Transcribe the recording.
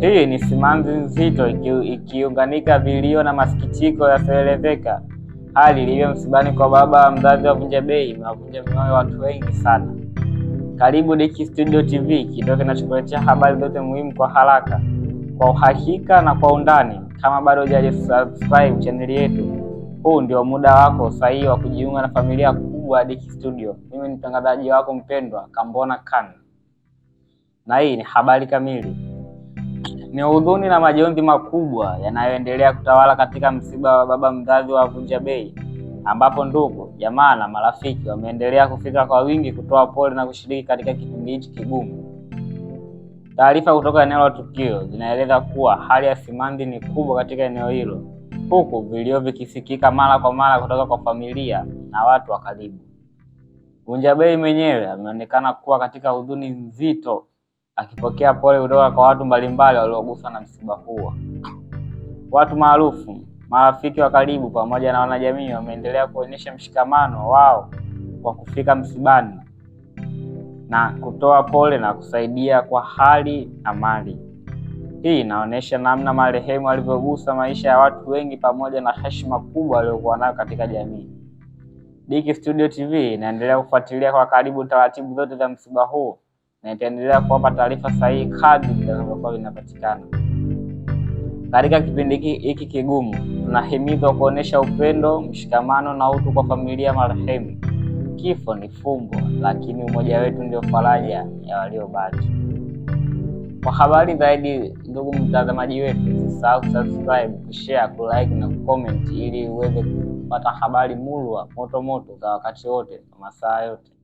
Hii ni simanzi nzito ikiunganika vilio na masikitiko yasiyoelezeka, hali ilivyo msibani kwa baba mzazi wa Vunja Bei imewavunja mioyo watu wengi sana. Karibu Diki Studio TV, kituo kinachokuletea habari zote muhimu kwa haraka, kwa uhakika na kwa undani. Kama bado hujasubscribe chaneli yetu, huu ndio muda wako sahihi wa kujiunga na familia kubwa ya Diki Studio. Mimi ni mtangazaji wako mpendwa Kambona Kan, na hii ni habari kamili. Ni huzuni na majonzi makubwa yanayoendelea kutawala katika msiba wa baba mzazi wa Vunja Bei, ambapo ndugu, jamaa na marafiki wameendelea kufika kwa wingi kutoa pole na kushiriki katika kipindi hichi kigumu. Taarifa kutoka eneo la tukio zinaeleza kuwa hali ya simanzi ni kubwa katika eneo hilo, huku vilio vikisikika mara kwa mara kutoka kwa familia na watu wa karibu. Vunja Bei mwenyewe ameonekana kuwa katika huzuni nzito akipokea pole kutoka kwa watu mbalimbali walioguswa na msiba huo. Watu maarufu, marafiki wa karibu, pamoja na wanajamii wameendelea kuonyesha mshikamano wao kwa kufika msibani na kutoa pole na kusaidia kwa hali na mali. Hii inaonyesha namna marehemu alivyogusa maisha ya watu wengi pamoja na heshima kubwa aliyokuwa nayo katika jamii. Dicky Studio TV inaendelea kufuatilia kwa karibu taratibu zote za msiba huo na itaendelea kuwapa taarifa sahihi kadri vitakavyokuwa vinapatikana. Katika kipindi hiki kigumu, tunahimizwa kuonyesha upendo, mshikamano na utu kwa familia marehemu. Kifo ni fumbo, lakini umoja wetu ndio faraja ya waliobaki. Kwa habari zaidi, ndugu mtazamaji wetu, usisahau kusubscribe, kushare, kulike na kucomment ili uweze kupata habari murwa moto moto za wakati wote na masaa yote.